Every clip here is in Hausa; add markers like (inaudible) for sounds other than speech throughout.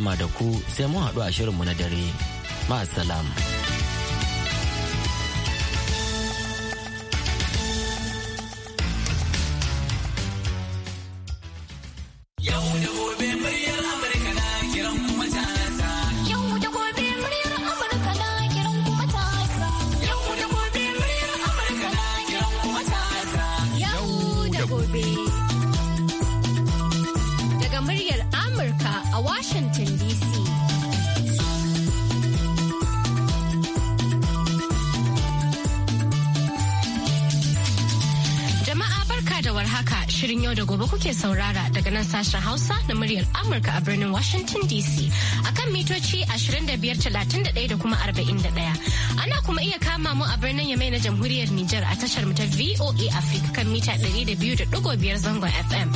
ma da ku sai mun haɗu a shirinmu na dare. Ma'asalam. saurara daga nan sashen Hausa na muryar Amurka a birnin Washington DC akan mitoci 2531 da kuma 41. Ana kuma iya kama mu a birnin Yamai na Jamhuriyar Nijar a tashar mu ta VOA Africa kan mita 200.5 zangon FM.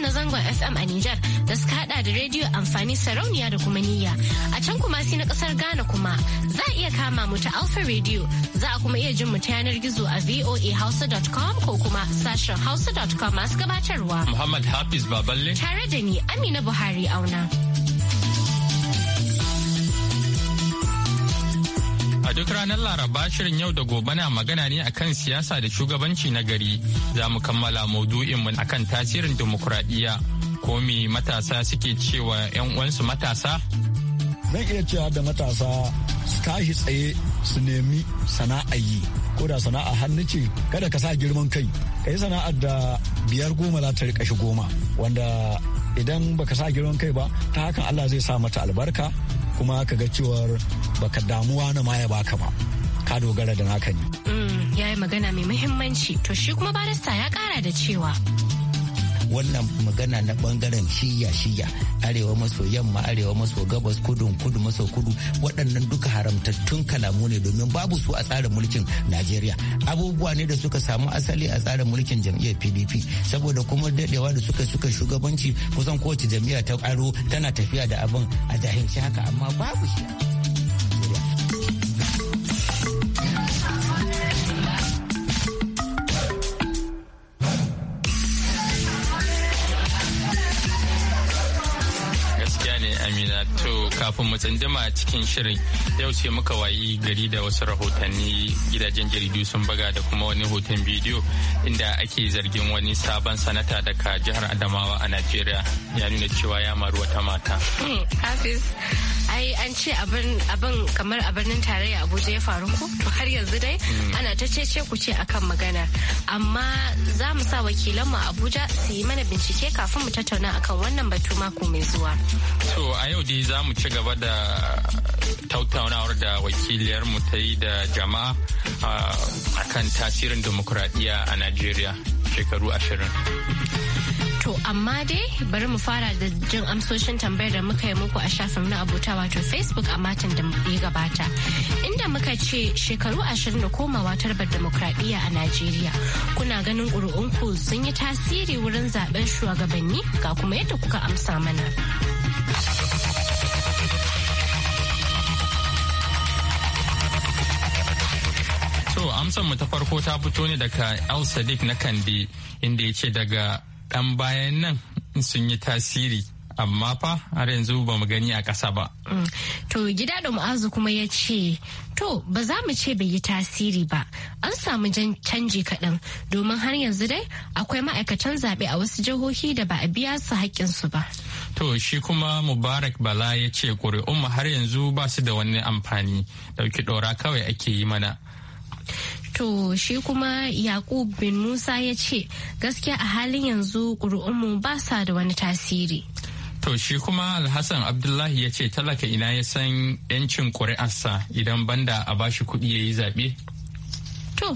na zangon FM a Nijar da suka hada da rediyo amfani sarauniya da kuma niyya. A can kuma sai na kasar Ghana kuma za a iya kama mu ta Alpha Radio za a kuma iya jin mu ta yanar gizo a voahausa.com ko kuma sashen hausa.com masu gabatarwa. Muhammad Hafiz Baballe. Tare da ni Amina Buhari auna. A duk ranar Laraba shirin yau da gobe na magana ne akan siyasa da shugabanci na gari. Za mu kammala maudu'inmu akan tasirin dimokuraɗiyya. Ko me matasa suke cewa 'yan uwansu matasa? Zan iya cewa da matasa su tashi tsaye su nemi sana'a yi. Ko da sana'a hannu ce kada ka sa girman kai. Ka yi sana'ar da biyar goma za ta rika shi goma. Wanda idan baka sa girman kai ba ta hakan Allah zai sa mata albarka kuma ka ga cewar baka damuwa na ma ya baka ba ka dogara da naka ne. Mm, ya yi magana mai muhimmanci to shi kuma barista ya kara da cewa wannan magana na bangaren shiya shiya arewa maso yamma arewa maso gabas kudu kudu maso kudu waɗannan duka haramtattun kalamu ne domin babu su a tsarin mulkin najeriya abubuwa ne da suka samu asali a tsarin mulkin jam'iyyar pdp saboda kuma daɗewa da suka suka shugabanci kusan kowace jam'iyya ta aro tana tafiya da abin a jahilci haka amma babu shi kafin mu tsanjama cikin shirin yau ce muka wayi gari da wasu rahotanni gidajen jaridu sun baga da kuma wani hoton bidiyo inda ake zargin wani sabon sanata daga jihar adamawa a najeriya ya nuna cewa ya maru wata mata hmm, ai an ce abin kamar a birnin tarayya abuja ya faru ko to har yanzu dai mm. ana ta cece ku ce akan magana amma za mu sa wakilanmu mu abuja su yi mana bincike kafin mu tattauna akan wannan batu mako mai zuwa to a yau dai za mu ci gaba da tattaunawar da wakiliyarmu ta yi da jama'a akan tasirin demokuraɗiyya a najeriya shekaru ashirin To amma dai bari mu fara da jin amsoshin tambayar da muka yi muku a shafin na abota wato Facebook a matan da ya gabata. Inda muka ce shekaru ashirin da komawa tarbar demokradiyya a Najeriya. Kuna ganin ƙuri'unku sun yi tasiri wurin zaben shugabanni ga kuma yadda kuka amsa mana. amsar mu ta farko ta fito ne daga El Sadiq na Kande inda ya ce daga ɗan bayan nan sun yi tasiri amma fa har yanzu ba mu gani a ƙasa ba. Mm. To gida da mu'azu kuma ya ce, to ba za mu ce bai yi tasiri ba, an samu jan canji kaɗan domin har yanzu dai akwai ma'aikatan zaɓe a wasu jihohi da ba a biya su haƙƙinsu ba. To shi kuma Mubarak Bala ya ce ƙuri'unmu har yanzu ba su da wani amfani, ɗauki ɗora kawai ake yi mana. To shi kuma Yakub bin Musa ya ce gaskiya a halin yanzu ƙuri'unmu ba sa da wani tasiri. To shi kuma Alhassan Abdullahi ya ce talaka ina ya san 'yancin ƙuri'arsa idan banda a bashi kuɗi ya yi zaɓe. To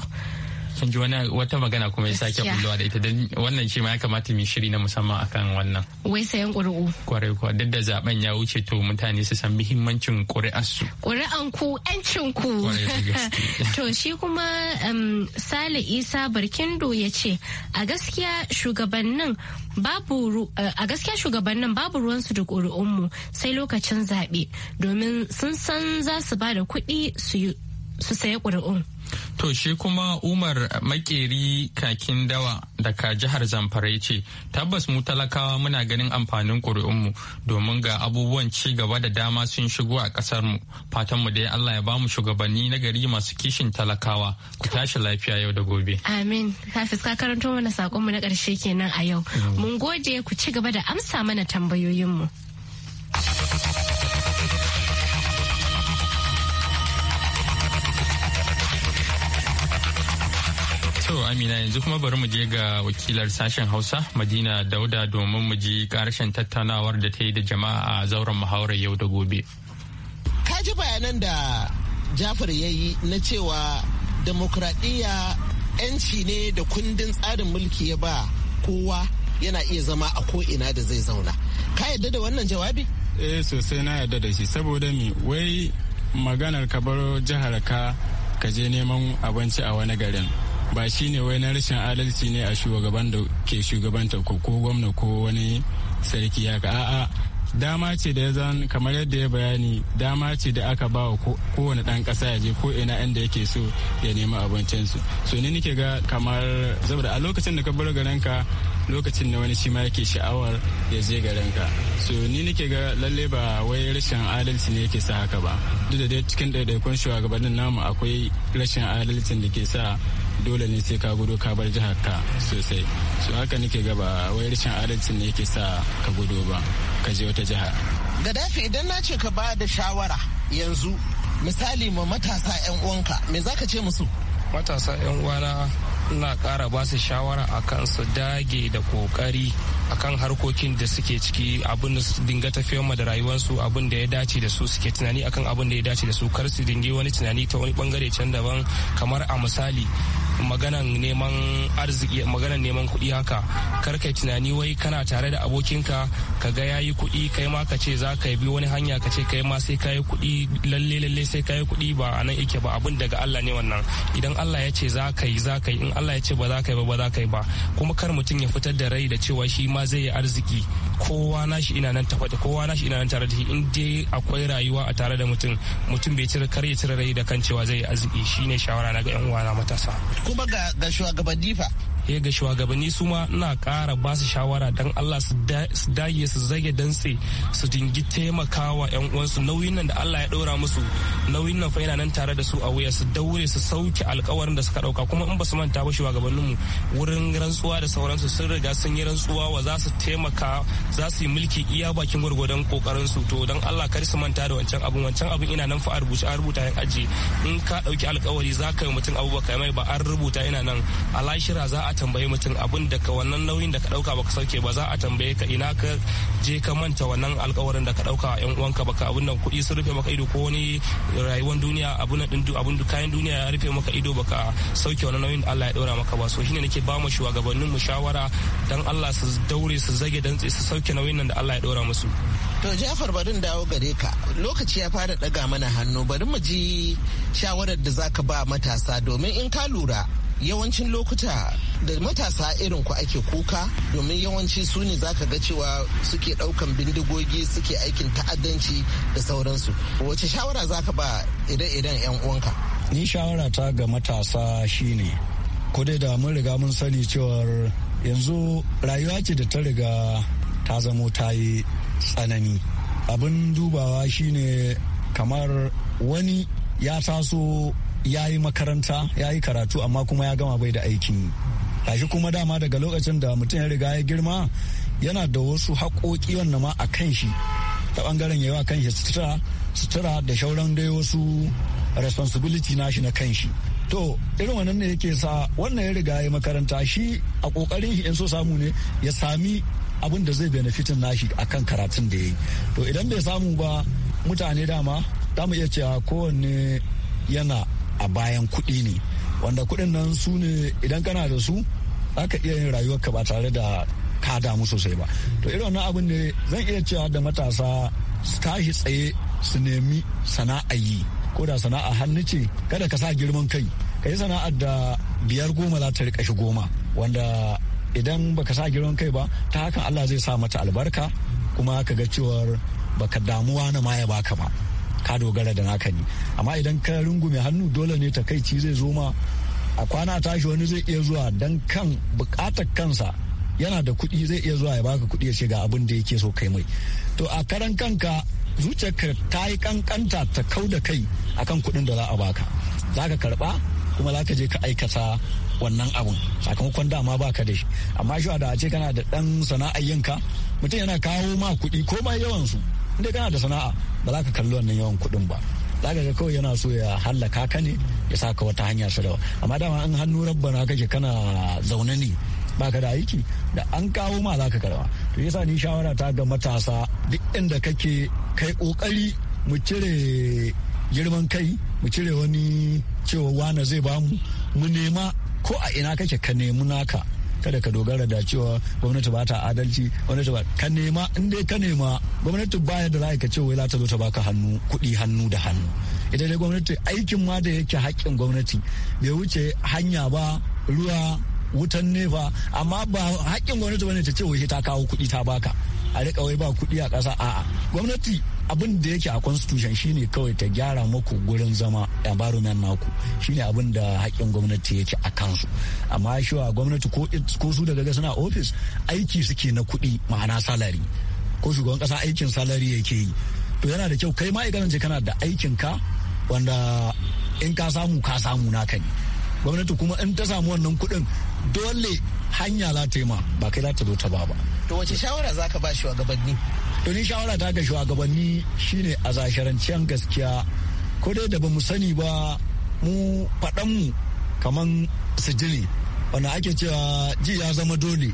kin ji wani wata magana kuma ya sake bullowa da ita don wannan shi ma ya kamata mu shiri na musamman akan wannan wai sayan ƙuri'u kwarai kuwa duk da zaben ya wuce to mutane su san muhimmancin ƙuri'ar su ƙuri'an ku ƴancin ku (laughs) to shi kuma um, Sale Isa Barkindo ya ce a gaskiya shugabannin babu eh, a gaskiya shugabannin babu ruwansu da ƙuri'unmu sai lokacin zaɓe domin sun san za su ba da kuɗi su saya ƙuri'un. To shi kuma Umar Makeri kakin dawa daga jihar Zamfara ya ce, tabbas mu talakawa muna ganin amfanin ƙuri'unmu domin ga abubuwan ci gaba da dama sun shigo a ƙasarmu. Fatanmu dai Allah ya ba mu shugabanni na gari masu kishin talakawa ku tashi lafiya yau da gobe. Amin. Hafiz ka karanto mana saƙonmu na ƙarshe kenan a yau. Mm. Mun gode ku ci gaba da amsa mana tambayoyinmu. Amina yanzu kuma bari mu je ga wakilar sashen Hausa Madina Dauda domin mu ji karshen tattaunawar da ta yi da jama'a a zauren muhawarar yau da gobe. Ka ji bayanan da Jafar ya yi na cewa demokradiyya 'yanci ne da kundin tsarin mulki ya ba kowa yana iya zama a ko'ina da zai zauna. Ka yadda da wannan jawabi? Eh sosai na yadda da shi saboda mi wai maganar ka baro jihar ka ka je neman abinci a wani garin. ba shi ne wai na rashin adalci ne a shugaban da ke shugabanta ko ko gwamna ko wani sarki ka a'a dama ce da ya zan kamar yadda ya bayani dama ce da aka ba wa kowane dan kasa ya je ko ina inda yake so ya nemi abincinsu so ni nike ga kamar saboda a lokacin da ka bar garinka lokacin da wani shi ma yake sha'awar ya je garin ka so ni nike ga lalle ba wai rashin adalci ne yake sa haka ba duk da dai cikin ɗaiɗaikun shugabannin namu akwai rashin adalcin da ke sa dole ne sai ka gudu ka bar jihar ka sosai su haka nake gaba wai rashin adalci ne yake sa ka gudu ba ka je wata jiha gadafi idan na ce ka ba da shawara yanzu misali ma matasa 'yan uwanka me za ka ce musu matasa 'yan uwana ina ƙara ba su shawara kan su dage da ƙoƙari kan harkokin da suke ciki abin da su dinga tafiyar da rayuwarsu abin da ya dace da su suke tunani akan abin da ya dace da su kar su dinge wani tunani ta wani bangare can daban kamar a misali maganan neman arziki maganan neman kuɗi haka kar kai tunani wai kana tare da abokinka ka ga yayi kuɗi kai ma ka ce za ka bi wani hanya ka ce kai ma sai kayi kuɗi lalle lalle sai kayi kuɗi ba a nan yake ba abin daga Allah ne wannan idan Allah ya ce za ka yi za ka yi in Allah ya ce ba za ka yi ba ba za ka yi ba kuma kar mutum ya fitar da rai da cewa shi ma zai yi arziki kowa nashi ina nan tafa da kowa nashi ina nan tare da shi in dai akwai rayuwa a tare da mutum mutum bai cire kar ya cire rai da kan cewa zai yi arziki shine shawara na ga yan uwa matasa kuma ga shugabanni fa ya ga shugabanni su ma na ƙara ba su shawara don Allah su dage su zage dantse su dingi taimakawa yan uwansu nauyin nan da Allah ya ɗora musu nauyin nan fa nan tare da su a wuya su daure su sauke alkawarin da suka ɗauka kuma in ba su manta ba shugabanninmu wurin rantsuwa da sauransu sun riga sun yi rantsuwa wa za su taimaka za su yi mulki iya bakin gwargwadon kokarin su to don Allah kar su manta da wancan abun wancan abun ina nan fa a rubuce a rubuta aji in ka ɗauki alkawari za ka yi mutum abubakar mai ba an rubuta ina nan a lashira za a tambayi mutum abin da ka wannan nauyin da ka dauka baka sauke ba za a tambaye ka ina ka je ka manta wannan alkawarin da ka dauka yan uwanka baka abin nan kuɗi sun rufe maka ido ko wani rayuwar duniya abin nan abin kayan duniya ya rufe maka ido baka sauke wannan nauyin da Allah ya daura maka ba so shine nake ba mu shugabannin mu shawara dan Allah su daure su zage dantse su sauke nauyin nan da Allah ya daura musu To Jafar barin dawo gare ka lokaci ya fara daga mana hannu bari mu ji shawarar da zaka ba matasa domin in ka lura yawancin lokuta da matasa irin ku ake kuka domin yawanci su ne zaka ga cewa suke daukan bindigogi suke aikin ta'addanci da sauransu wace shawara zaka ba ire idan 'yan uwanka ni shawara ta ga matasa shine ko dai da mun riga mun sani cewar yanzu rayuwa ce da ta riga ta zamo ta yi tsanani abin dubawa shine kamar wani ya taso ya yi makaranta ya yi karatu amma kuma ya gama bai da aikin yi kuma dama daga lokacin da mutum ya riga ya girma yana da wasu haƙoƙi wannan ma a kan shi ta ɓangaren yawa kan shi sutura da shauran dai wasu responsibility nashi na kan shi to irin wannan ne yake sa wannan ya riga ya makaranta shi a ƙoƙarin shi in so samu ne ya sami abin da zai benefitin nashi a kan karatun da ya yi to idan bai samu ba mutane dama za mu iya cewa kowanne yana a bayan kuɗi ne wanda kuɗin nan su ne idan kana da su aka iya yin ka ba tare da ka damu sosai ba to irin wannan abin ne zan iya cewa da matasa su tashi tsaye su nemi sana'a yi ko da sana'a hannu ce kada ka sa girman kai ka yi sana'ar da biyar goma za ta rika shi goma wanda idan baka sa girman kai ba ta hakan Allah zai sa mata albarka kuma ka ga cewar baka damuwa na ma ya baka ba ka dogara da naka ne amma idan ka rungume hannu dole ne takaici zai zo ma a kwana tashi wani zai iya zuwa dan kan bukatar kansa yana da kuɗi zai iya zuwa ya baka kuɗi ya ce ga abin da yake so kai mai to a karan kanka zuciyarka ta yi kankanta ta kau da kai akan kuɗin da za a baka za ka karɓa kuma za ka je ka aikata wannan abun sakamakon dama ba ka da shi amma shi da ce kana da ɗan sana'ar yanka mutum yana kawo ma kuɗi ko ma yawan su inda kana da sana'a ba za ka kalli wannan yawan kuɗin ba za ka ga kawai yana so ya hallaka ka ne ya saka wata hanya su dawa amma dama an hannu rabbana kake kana zaune ne baka da aiki da an kawo ma za ka karawa to yasa ni shawara ta ga matasa duk inda kake kai kokari mu cire girman kai mu cire wani cewa wane zai bamu mu nema ko a ina kake ka nemi naka kada ka dogara da cewa gwamnati ba ta adalci gwamnati ba ka nema in dai ka nema gwamnati baya da za ka ce wai za ta zo ta baka hannu kuɗi hannu da hannu idan dai gwamnati aikin ma da yake haƙƙin gwamnati bai wuce hanya ba ruwa wutan nefa amma ba haƙƙin gwamnati bane ta ce wai ta kawo kuɗi ta baka a riƙa wai ba kuɗi a ƙasa a'a gwamnati abin da yake a constitution shine kawai ta gyara muku gurin zama environment naku shine abin da haƙƙin gwamnati yake a kansu amma shi gwamnati ko su daga suna office aiki suke na kuɗi ma'ana salari ko shugaban ƙasa aikin salari yake yi to yana da kyau kai ma'aikatan kana da aikin ka wanda in ka samu ka samu naka ne gwamnati kuma in ta samu wannan kuɗin dole hanya za ta yi ma ba kai za ta zo ta ba ba. To wace shawara za ka ba shi wa gabanni? to ni shawara ta ga shugabanni shine a zasharancen gaskiya ko dai da bamu sani ba mu faɗanmu kaman sijili wanda ake cewa ji ya zama dole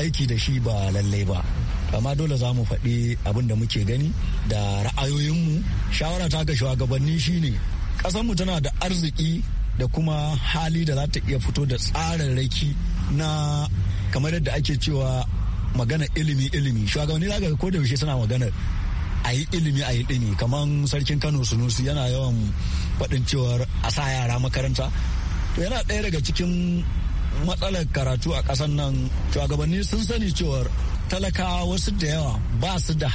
aiki da shi ba lallai ba amma dole za mu faɗi abin da muke gani da ra'ayoyinmu shawara ta ga shugabanni shine ƙasarmu tana da arziki da kuma hali da za ta iya fito da tsararraki na kamar yadda ake cewa magana ilimi ilimi shugabanni za ga ko da yaushe suna magana a yi ilimi a yi ɗini kamar sarkin kano sunusi yana yawan faɗin cewar a sa yara makaranta to yana ɗaya daga cikin matsalar karatu a ƙasar nan shugabanni sun sani cewar talakawa wasu da yawa ba su da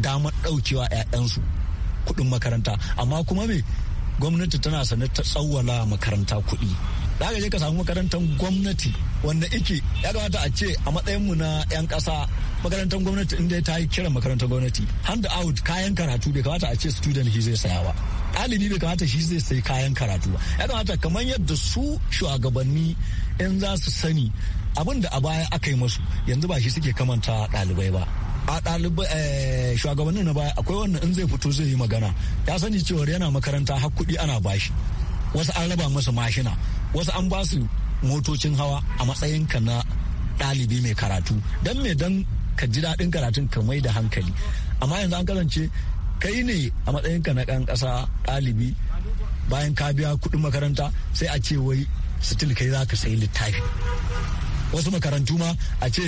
damar ɗaukewa 'ya'yansu kuɗin makaranta amma kuma me gwamnati tana sane ta tsawwala makaranta kuɗi daga je ka samu makarantar gwamnati wanda ike ya kamata a ce a matsayin mu na 'yan ƙasa makarantar gwamnati inda ta yi kiran makarantar gwamnati hand out kayan karatu bai kamata a ce student shi zai saya ba ɗalibi bai kamata shi zai sai kayan karatu ba ya kamata kamar yadda su shugabanni in za su sani abin da a baya aka yi masu yanzu ba shi suke kamanta ɗalibai ba a ɗalibai eh, shugabannin na baya akwai wannan in zai fito zai yi magana ya sani cewar yana makaranta har kuɗi ana bashi wasu an raba masa mashina wasu an ba su motocin hawa a matsayinka na ɗalibi mai karatu don me don ka ji daɗin karatun ka mai da hankali amma yanzu an kasance kai ne a matsayinka na ɗan ƙasa ɗalibi bayan ka biya kuɗin makaranta sai a ce wai sitil kai za ka sayi littafi wasu makarantu ma a ce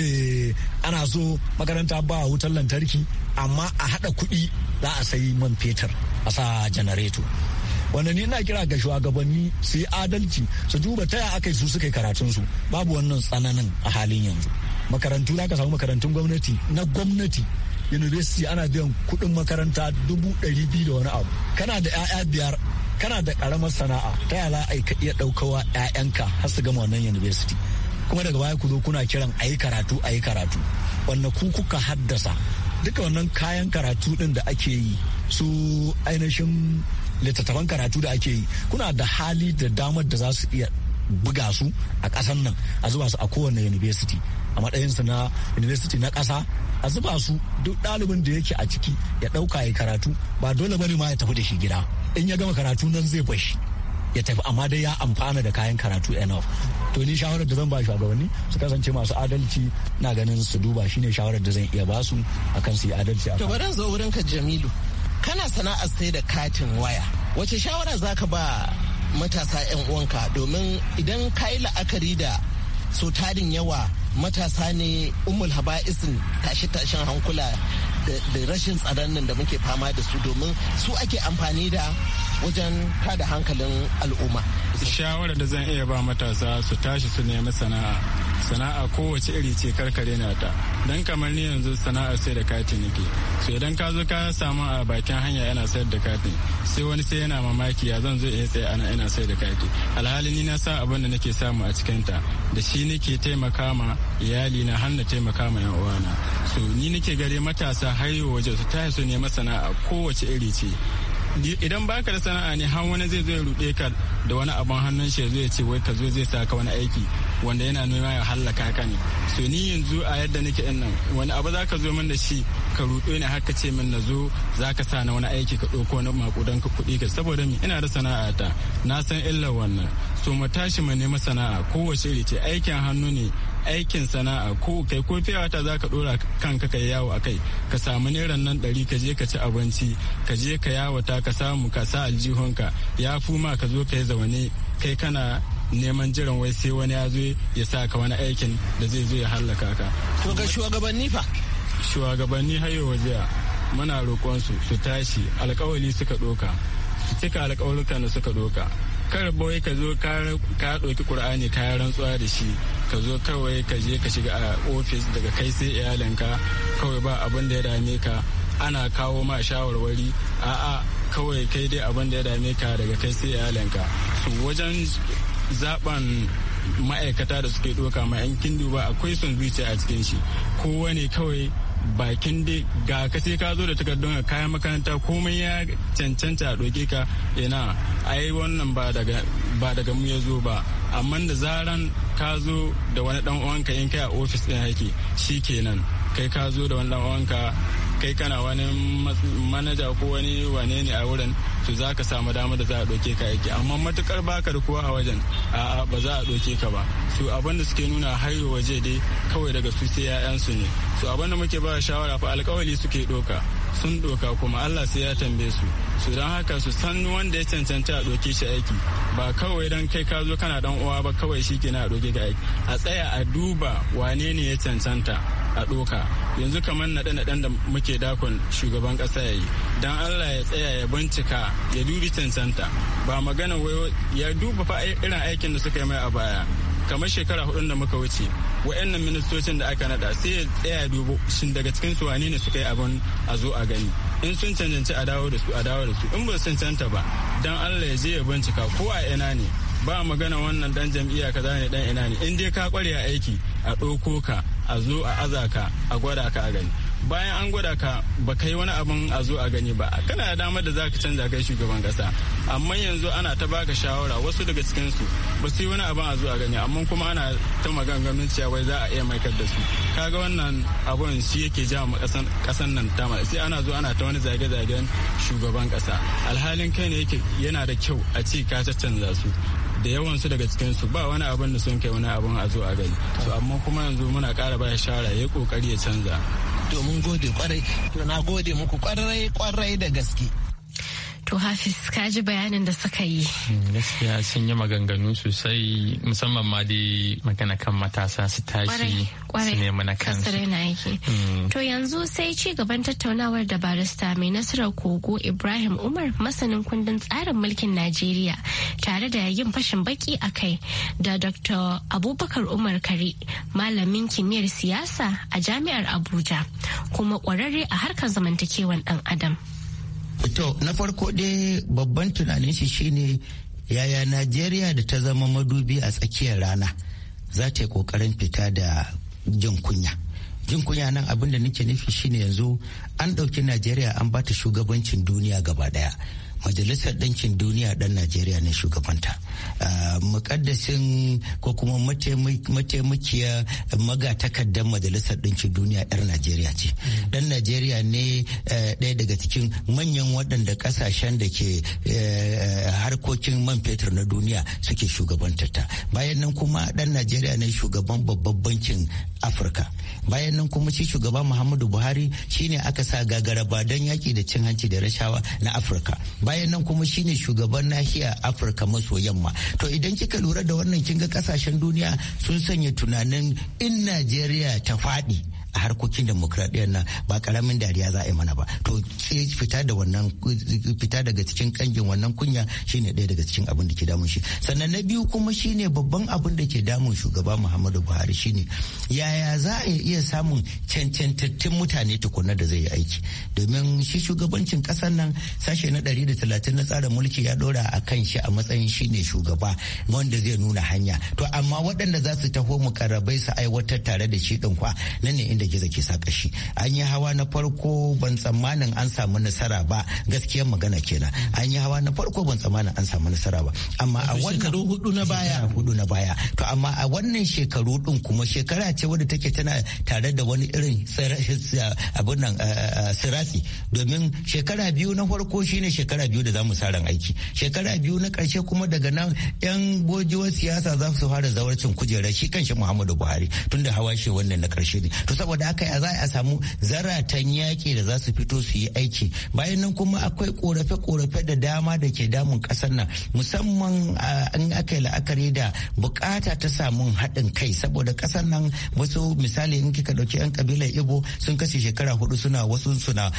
ana so makaranta ba wutar lantarki amma a haɗa kuɗi za a sayi man fetur a sa janareto wanda ni na kira ga shugabanni su yi adalci su duba taya aka yi su suka yi karatunsu babu wannan tsananin a halin yanzu makarantu za ka samu makarantun gwamnati na gwamnati university ana biyan kuɗin makaranta dubu ɗari biyu da wani abu kana da 'ya'ya biyar kana da karamar sana'a ta yala ai ka iya ɗaukawa 'ya'yanka har su gama wannan university kuma daga baya ku zo kuna kiran a yi karatu a yi karatu wanda ku kuka haddasa duka wannan kayan karatu ɗin da ake yi su ainihin littattafan karatu da ake yi kuna da hali da damar da za su iya buga su a ƙasan nan a zuba su a kowane university a matsayinsu na university na kasa a zuba su duk ɗalibin da yake a ciki ya ɗauka ya karatu ba dole bane ma ya tafi da shi gida in ya gama karatu nan zai bashi ya tafi amma dai ya amfana da kayan karatu enough to ni shawarar da zan ba shugabanni su kasance masu adalci na ganin su duba shine shawarar da zan iya basu akan su yi adalci to bari zo wurin ka Jamilu kana sana'ar sai da katin waya wace shawara za ka ba matasa 'yan uwanka domin idan ka yi la'akari da so tarin yawa matasa ne umul haba'isin tashi tashin hankula da rashin tsaron nan da muke fama da su domin su ake amfani da wajen kada hankalin al'umma. shawarar da zan iya ba matasa su tashi su nemi sana'a sana'a kowace iri ce karkare na ta dan kamar ni yanzu sana'ar sai da katin nake so idan ka zo ka samu a bakin hanya yana sayar da katin sai wani sai yana mamaki ya zan zo in tsaye ana ina sayar da katin alhali ni na sa abin da nake samu a cikin ta da shi nake taimaka ma iyali na har na taimaka ma yan na so ni nake gare matasa har yau waje su ta su nema sana'a kowace iri ce idan baka da sana'a ne har wani zai zo ya ruɗe ka da wani abin hannun shi zai ce wai ka zo zai saka wani aiki wanda yana nema ya hallaka ka ne so ni yanzu a yadda nake in nan wani abu za ka zo min da shi ka ruɗe ni haka ce min na zo za ka sa na wani aiki ka ɗauko na makudan ka kuɗi ka saboda mi ina da sana'a ta na san illar wannan so mu tashi mu nema sana'a kowace iri ce aikin hannu ne aikin sana'a ko kai ko ta za ka ɗora kanka yi yawo a kai ka samu neran nan ɗari ka je ka ci abinci ka je ka yawata ka samu ka sa aljihunka ya fuma ka zo ka yi zaune kai kana neman jiran wai sai wani ya zo ya sa ka wani aikin da zai zo ya hallaka ka to ga shugabanni fa shugabanni hayo wajiya muna roƙon su tashi alƙawari suka ɗoka su cika alƙawarukan da suka ɗoka kar boye ka zo ka ɗauki ƙur'ani ka rantsuwa da shi ka zo kawai ka je ka shiga a ah, ofis daga kai sai iyalinka kawai ba abin da ya dame ka ana kawo ma shawarwari a'a kawai kai dai abin da ya dame ka daga kai sai iyalinka su wajen zaben ma'aikata da suke doka ma yan duba akwai son zuciya a cikin shi kowane kawai bakin dai ga ka sai ka zo da takardun kayan makaranta komai ya cancanta a doke ka ina ai wannan ba daga ba daga mu ya zo ba amma da zaran ka zo da wani dan uwanka in kai a ofis din yake kenan kai ka zo da wani dan uwanka kai kana wani manaja ko wani wane ne a wurin to za ka samu dama da za a ɗauke ka aiki amma matukar baka da kowa a wajen a'a ba za a ɗauke ka ba su abin da suke nuna hayo waje dai kawai daga su sai 'ya'yansu ne su abin da muke ba shawara fa alkawali suke ɗoka sun doka kuma Allah sai ya tambaye su su don haka su san wanda ya cancanta a doke shi aiki ba kawai dan kai ka zo kana dan uwa ba kawai shi ke na doke ka aiki a tsaya a duba wane ne ya cancanta a doka yanzu kamar naɗe-naɗen da muke dakon shugaban ƙasa ya yi don allah ya tsaya ya bincika ya dubi cancanta ba magana wayo ya duba fa irin aikin da suka yi mai a baya kamar shekara hudun da muka wuce wa'annan ministocin da aka nada sai ya tsaya dubo shin daga cikin su wane ne suka yi abin a zo a gani in sun cancanci a dawo da su a dawo da su in ba su cancanta ba don allah ya je ya bincika ko a ina ne ba magana wannan dan jam'iyya kaza ne dan ina ne in dai ka kware a aiki a ɗauko ka a zo a aza ka a gwada ka a gani bayan an gwada ka ba kai wani abin a zo a gani ba kana da damar da za ka canza kai shugaban kasa amma yanzu ana ta baka shawara wasu daga cikinsu ba su yi wani abin a zo a gani amma kuma ana ta maganganun cewa wai za a iya maikar da su kaga wannan abun shi yake ja mu kasan nan tama sai ana zo ana ta wani zage-zagen shugaban kasa alhalin kai ne yake yana da kyau a ce ka canza su da yawan su daga cikin su ba wani abin da sun kai wani abin a zo a gani amma kuma yanzu muna kara baya shawara ya kokari ya canza domin gode kwarai to na gode muku kwarai kwarai da gaske To Hafiz ka ji bayanin da suka yi. Hmm, gaskiya sun yi maganganu sosai musamman ma dai magana kan matasa su tashi su nemi na kansu. Hmm. To yanzu sai ci gaban tattaunawar da barista mai nasarar kogo Ibrahim Umar masanin kundin tsarin mulkin Najeriya tare da yin fashin baki a kai da Dr. Abubakar Umar Kare malamin kimiyyar siyasa a jami'ar Abuja kuma kwararre a harkar zamantakewan dan Adam. To na farko dai babban tunanin shi shine yaya Najeriya da ta zama madubi a tsakiyar rana za ta yi kokarin fita da jin kunya. Jin kunya nan abin da nake nufi shine yanzu an ɗauki Najeriya an bata shugabancin duniya gaba ɗaya. majalisar ɗinkin duniya ɗan najeriya ne shugabanta mukaddasin ko kuma mataimakiya magatakardar majalisar ɗinkin duniya yar najeriya ce ɗan najeriya ne eh, ɗaya daga cikin manyan waɗanda ƙasashen da ke eh, eh, harkokin man fetur na duniya suke ta. bayan nan kuma ɗan najeriya ne shugaban babban bankin afirka bayan nan kuma shi shugaban muhammadu buhari shine aka sa gagaraba don yaƙi da cin hanci da rashawa na afirka bayan nan kuma shine shugaban nahiya afirka maso yamma to idan kika lura da wannan kinga kasashen duniya sun sanya tunanin in najeriya ta faɗi A harkokin demokradiyyar nan ba karamin dariya za a yi mana ba to fita da wannan fita daga cikin kangin wannan kunya shine ɗaya daga cikin abin da ke damun shi sannan na biyu kuma shine babban abin da ke damun shugaba muhammadu buhari shine yaya za a iya samun cancantattun mutane tukuna da zai yi aiki domin shi shugabancin ƙasar nan sashe na ɗari da talatin na tsarin mulki ya ɗora a kan shi a matsayin shine shugaba wanda zai nuna hanya to amma waɗanda za su taho mukarrabai su aiwatar tare da shi ɗin kwa nan ne da gizo ke sa kashi an yi hawa na farko ban tsammanin an samu nasara ba gaskiyar magana kenan an yi hawa na farko ban tsammanin an samu nasara ba amma a wannan hudu na baya hudu na baya to amma a wannan shekaru din kuma shekara ce wadda take tana tare da wani irin abin nan eh, eh, eh, sirasi domin shekara biyu na farko shine shekara biyu da zamu sa ran aiki shekara biyu na karshe kuma daga nan yan bojiwar siyasa za su fara zawarcin kujerar shi kanshi Muhammadu Buhari tunda hawa shi wannan na karshe ne to saboda haka za a samu zaratan yaƙi da za su fito su yi aiki bayan nan kuma akwai korafe-korafe da dama da ke damun ƙasar nan musamman an aka yi la'akari da bukata ta samun haɗin kai saboda ƙasar nan wasu misali in kika dauki 'yan kabilar ibo sun kashe shekara hudu suna wasu suna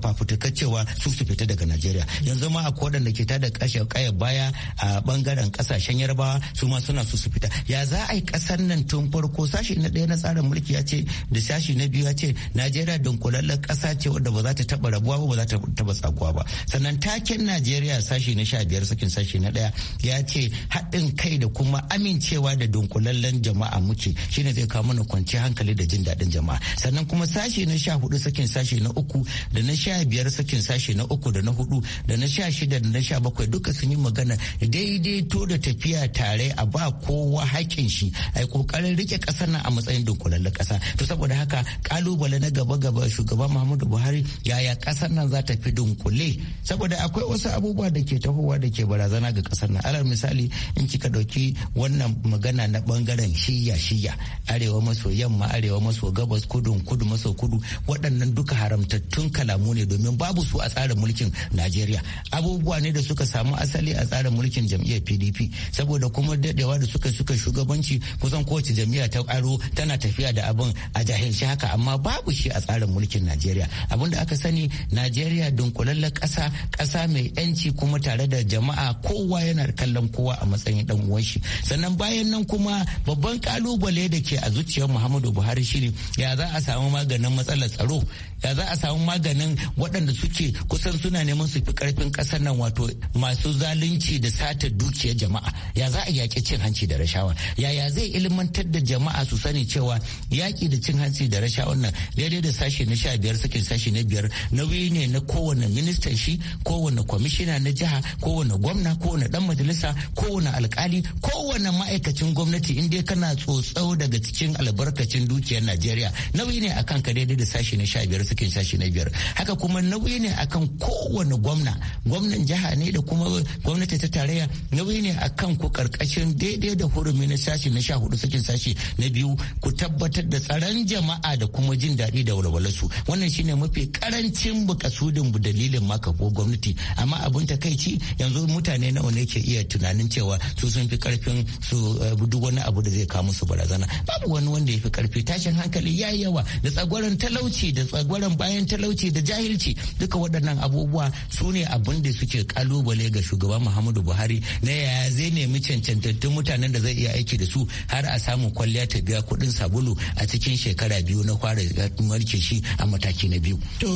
fafutukar cewa su su fita daga najeriya yanzu ma akwai waɗanda ke tada kashe kaya baya a bangaren ƙasashen yarbawa su ma suna su su fita ya za a yi ƙasar nan tun farko sashi na ɗaya na tsarin mulki ya ce da nashi na biyu ya ce najeriya dunkulallen kasa ce wadda ba za ta taba rabuwa ba ba za ta taba tsakuwa ba sannan taken najeriya sashi na sha biyar sakin sashi na ɗaya ya ce haɗin kai da kuma amincewa da dunkulallen jama'a muke shine zai kawo mana kwanci hankali da jin daɗin jama'a sannan kuma sashi na sha hudu sakin sashi na uku da na sha biyar sakin sashi na uku da na hudu da na sha shida da na sha bakwai duka sun yi magana daidaito da tafiya tare a ba kowa haƙƙin shi a yi ƙoƙarin rike ƙasar nan a matsayin dunkulallen kasa to saboda haka haka kalubale na gaba-gaba shugaban muhammadu buhari yaya kasar nan za ta fi dunkule saboda akwai wasu abubuwa da ke tahowa da ke barazana ga kasar nan alal misali in kika dauki wannan magana na bangaren shiya shiya arewa maso yamma arewa maso gabas kudu kudu maso kudu waɗannan duka haramtattun kalamu ne domin babu su a tsarin mulkin najeriya abubuwa ne da suka samu asali a tsarin mulkin jam'iyyar pdp saboda kuma daɗewa da suka suka shugabanci kusan kowace jam'iyya ta aro tana tafiya da abin a jahil fahimci haka amma babu shi a tsarin mulkin najeriya abinda aka sani najeriya dunkulallen kasa kasa mai yanci kuma tare da jama'a kowa yana kallon kowa a matsayin dan uwan shi sannan bayan nan kuma babban kalubale da ke a zuciyar muhammadu buhari shine ya za a samu maganin matsalar tsaro ya za a samu maganin waɗanda suke kusan suna neman su fi karfin ƙasar nan wato masu zalunci da sata dukiyar jama'a ya za a yaƙi cin hanci da rashawa yaya zai ilmantar da jama'a su sani cewa yaƙi da cin hanci hanci da rasha wannan daidai da sashe na sha biyar sakin sashe na biyar nauyi ne na kowane ministan shi kowane kwamishina na jiha kowane gwamna kowane dan majalisa kowane alkali kowane ma'aikacin gwamnati in dai kana tsotsau daga cikin albarkacin dukiyar najeriya nauyi ne akan ka daidai da sashe na sha biyar sakin sashe na biyar haka kuma nauyi ne akan kowane gwamna gwamnan jiha ne da kuma gwamnati ta tarayya nauyi ne akan ku karkashin daidai da hurumi na sashi na sha hudu sakin sashi na biyu ku tabbatar da tsaron jama'a sa'a da kuma jin daɗi da walwalarsu wannan shine mafi karancin bukasudin dalilin maka ko gwamnati amma abin takaici yanzu mutane nawa ne ke iya tunanin cewa su sun fi karfin su eh, duk wani abu da zai kawo musu barazana babu wani wanda ya fi karfi tashin hankali ya yawa da tsagwaron talauci da tsagwaron bayan talauci da jahilci duka waɗannan abubuwa su ne abin da suke kalubale ga shugaba muhammadu buhari na yaya zai nemi cancantattun mutanen da zai iya aiki da su har a samu kwalliya ta biya kuɗin sabulu a cikin shekara shekara biyu na fara mulkin shi a mataki na biyu. To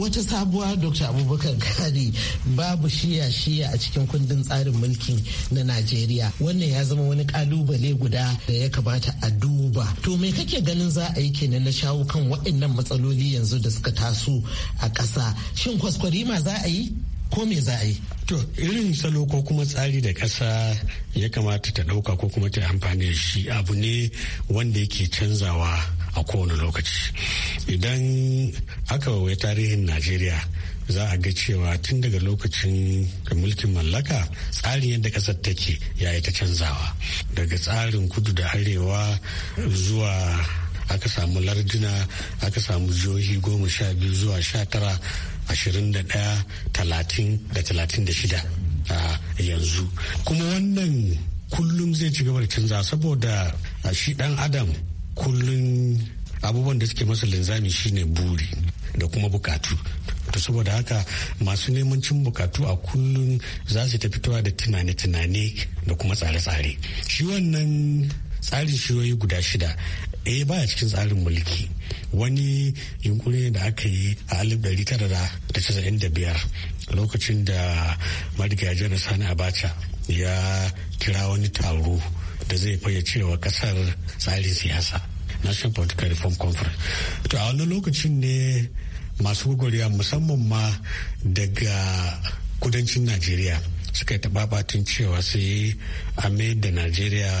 wata sabuwa Dr. Abubakar Kari babu shiya shiya a cikin kundin tsarin mulki na Najeriya wannan ya zama wani kalubale guda da ya kamata a duba. To me kake ganin za a yi kenan na shawo kan waɗannan matsaloli yanzu da suka taso a ƙasa shin kwaskwarima za a yi ko me za a yi? To irin salo ko kuma tsari da ƙasa ya kamata ta ɗauka ko kuma ta amfani da shi abu ne wanda yake canzawa a kowane lokaci idan aka wai tarihin najeriya za a ga cewa tun daga lokacin da mulkin mallaka tsarin yadda ƙasar take ya yi ta canzawa daga tsarin kudu da arewa zuwa aka samu larduna aka samu jihohi goma sha biyu zuwa sha tara ashirin da ɗaya talatin da talatin da shida a yanzu kuma wannan kullum zai ci gaba da canza saboda shi dan adam kullum abubuwan da suke masa linzami shine buri da kuma bukatu to saboda haka masu neman cin bukatu a kullum za su tafi da tunane-tunane da kuma tsare-tsare shi wannan tsarin shiyoyi guda shida eh baya cikin tsarin mulki wani yunkuri ne da aka yi a alif da biyar lokacin da marigayi sani abacha ya kira wani taro da zai fayyace wa kasar tsarin siyasa national political reform conference to a wani lokacin ne masu gwagwarya musamman ma daga kudancin najeriya suka yi tababatun cewa sai a mai da najeriya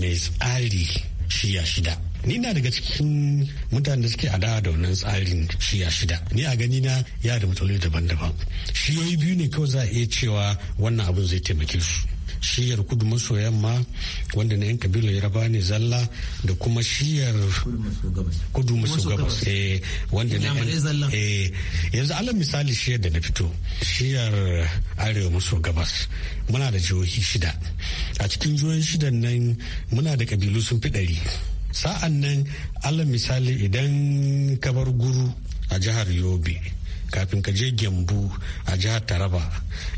mai tsari shiya shida ni na daga cikin mutanen da suke adawa da wannan tsarin shiya shida ni a gani na ya da matsaloli daban-daban shiyoyi biyu ne kawai za a iya cewa wannan abin zai taimake su shiyar kudu maso yamma wanda na 'yan kabilar yaraba ne zalla da kuma shiyar kudu maso gabas eh, wanda na eh, yanzu alal misali shiyar da na fito shiyar arewa maso gabas muna da jihohi shida a cikin jihohi shidan nan muna da kabilu sun fi ɗari sa'an nan alal misali idan kabar guru a jihar yobe kafin ka je gyambu a jihar taraba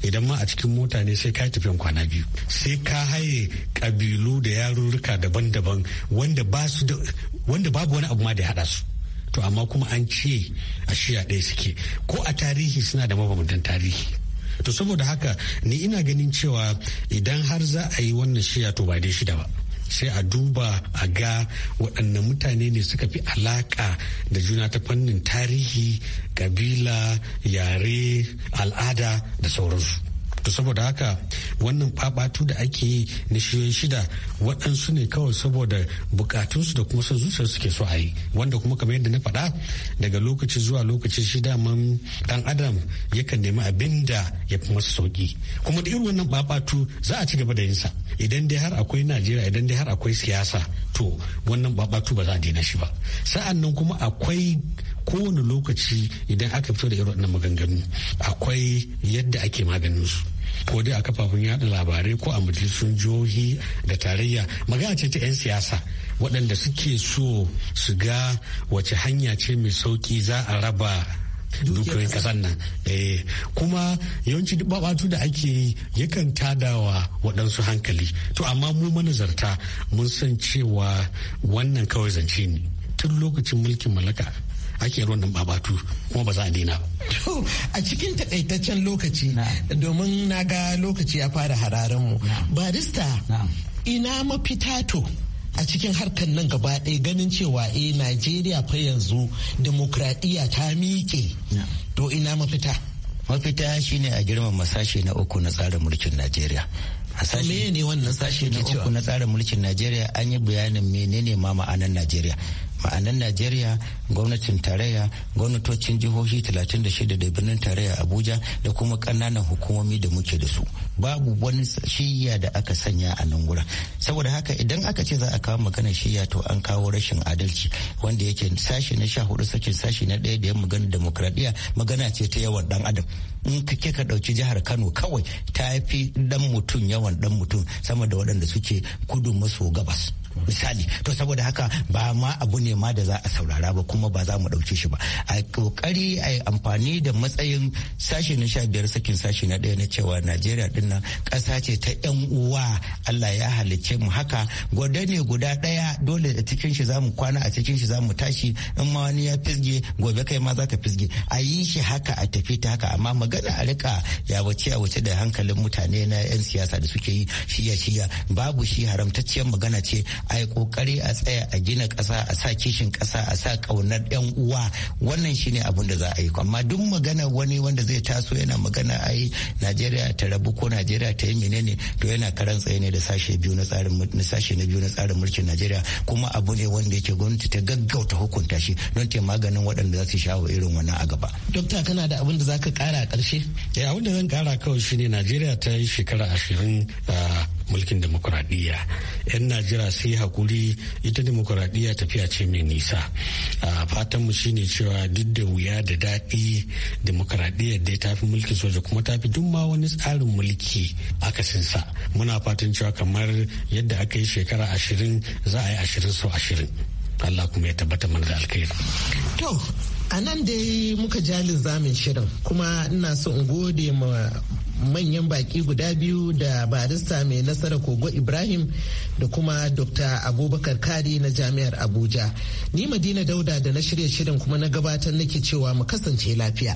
idan ma a cikin mota ne sai ka tafiyan kwana biyu sai ka haye kabilu da yarurruka daban-daban wanda babu wani abu ma da ya haɗa su to amma kuma an ce a shiya ɗaya suke ko a tarihi suna da mabambantan tarihi to saboda haka ni ina ganin cewa idan har za a yi wannan shiya to ba dai shida ba sai a duba a ga waɗannan mutane ne suka fi alaka da juna ta fannin tarihi kabila yare al'ada da sauransu to saboda haka wannan fabatu da ake yi na shida waɗansu ne kawai saboda bukatunsu da kuma son zuciyar suke so a yi wanda kuma kamar yadda na faɗa daga lokaci zuwa lokaci shida man dan adam yakan nemi abin da ya fi masa sauki kuma da irin wannan fabatu za a ci gaba da yinsa idan dai har akwai najeriya idan dai har akwai siyasa to wannan fabatu ba za a daina shi ba sa'an nan kuma akwai kowane lokaci idan aka fito da irin wannan maganganu akwai yadda ake maganin su ko dai a kafafun yada labarai ko a majalisun jihohi da tarayya magana ce ta 'yan siyasa waɗanda suke so su ga wace hanya ce mai sauki za a raba dukiyoyin kasar nan eh, kuma yawanci duk babatu da ake yi yakan tadawa waɗansu hankali to amma mu manazarta mun san cewa wannan kawai zance ne tun lokacin mulkin mallaka ake ruwan babatu kuma ba za a daina To a cikin takaitaccen lokaci domin na ga lokaci ya fara hararen mu. Barista ina mafita to a cikin harkar nan gaba ɗaya ganin cewa eh Najeriya fa yanzu demokradiyya ta miƙe. To ina mafita. Mafita shine a girmama sashe na uku na tsarin mulkin Najeriya. Me ne wannan sashe na uku na tsarin mulkin Najeriya an yi bayanin menene ma ma'anar Najeriya. ma'anan najeriya gwamnatin tarayya gwamnatocin jihohi 36 da birnin tarayya abuja da kuma ƙananan hukumomi da muke da su babu wani shiya da aka sanya a nan wurin saboda haka idan aka ce za a kawo maganar shiya to an kawo rashin adalci wanda yake sashi na sha hudu sakin sashi na ɗaya da ya magana demokradiyya magana ce ta yawan dan adam in ka ke ka ɗauki jihar kano kawai ta fi dan mutum yawan dan mutum sama da waɗanda suke kudu maso gabas misali to saboda haka ba ma abu ne ma da za a saurara ba kuma ba za mu ɗauke shi ba a kokari a yi amfani da matsayin sashe na sha biyar sakin sashe na ɗaya na cewa najeriya ɗin nan ƙasa ce ta yan uwa allah ya halicce mu haka gwada ne guda ɗaya dole da cikin shi za mu kwana a cikin shi za mu tashi in ma wani ya fisge gobe kai ma za ka fisge a yi shi haka a tafi ta haka amma magana a rika ya wuce a wuce da hankalin mutane na yan siyasa da suke yi shiya shiya babu shi haramtacciyar magana ce a yi kokari a tsaya a gina kasa a sa kishin kasa a sa kaunar yan uwa wannan shine abin da za a yi amma duk magana wani wanda zai taso yana magana a yi najeriya ta rabu ko najeriya ta yi menene to yana karan tsaye ne da sashe biyu na tsarin na sashe na biyu na tsarin mulkin najeriya kuma abu ne wanda yake gwamnati ta gaggauta hukunta shi don ta maganin waɗanda za su shawo irin wannan a gaba. dokta kana da abin da za ka kara a ƙarshe. Eh, abin da zan kara kawai shine najeriya ta yi shekara ashirin ah, mulkin demokuraɗiyya 'yan najeriya sai hakuri ita demokuraɗiyya tafiya ce mai nisa fatan mu shine cewa duk da wuya da daɗi demokuraɗiyya dai ta fi mulkin soja kuma ta fi duk ma wani tsarin mulki aka sinsa muna fatan cewa kamar yadda aka yi shekara ashirin za a yi ashirin sau ashirin Allah kuma ya tabbata mana da alkhairi. a nan dai muka jalin zamin shirin kuma ina so in gode ma manyan baki guda biyu da barista mai nasara kogo ibrahim da kuma dr abubakar kari na jami'ar abuja ni madina dauda da na shirya shirin kuma na gabatar nake cewa mu kasance lafiya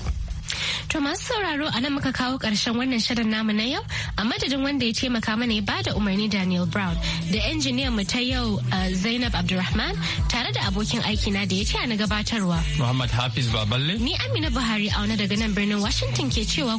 To masu sauraro a nan muka kawo ƙarshen wannan shirin namu na yau a madadin wanda ya taimaka mana ya da umarni Daniel Brown da injiniyan mu ta yau uh, Zainab Abdulrahman tare da abokin aiki na da ya ce a na gabatarwa. Muhammad Hafiz Baballe. Ni Amina Buhari auna daga nan birnin Washington ke cewa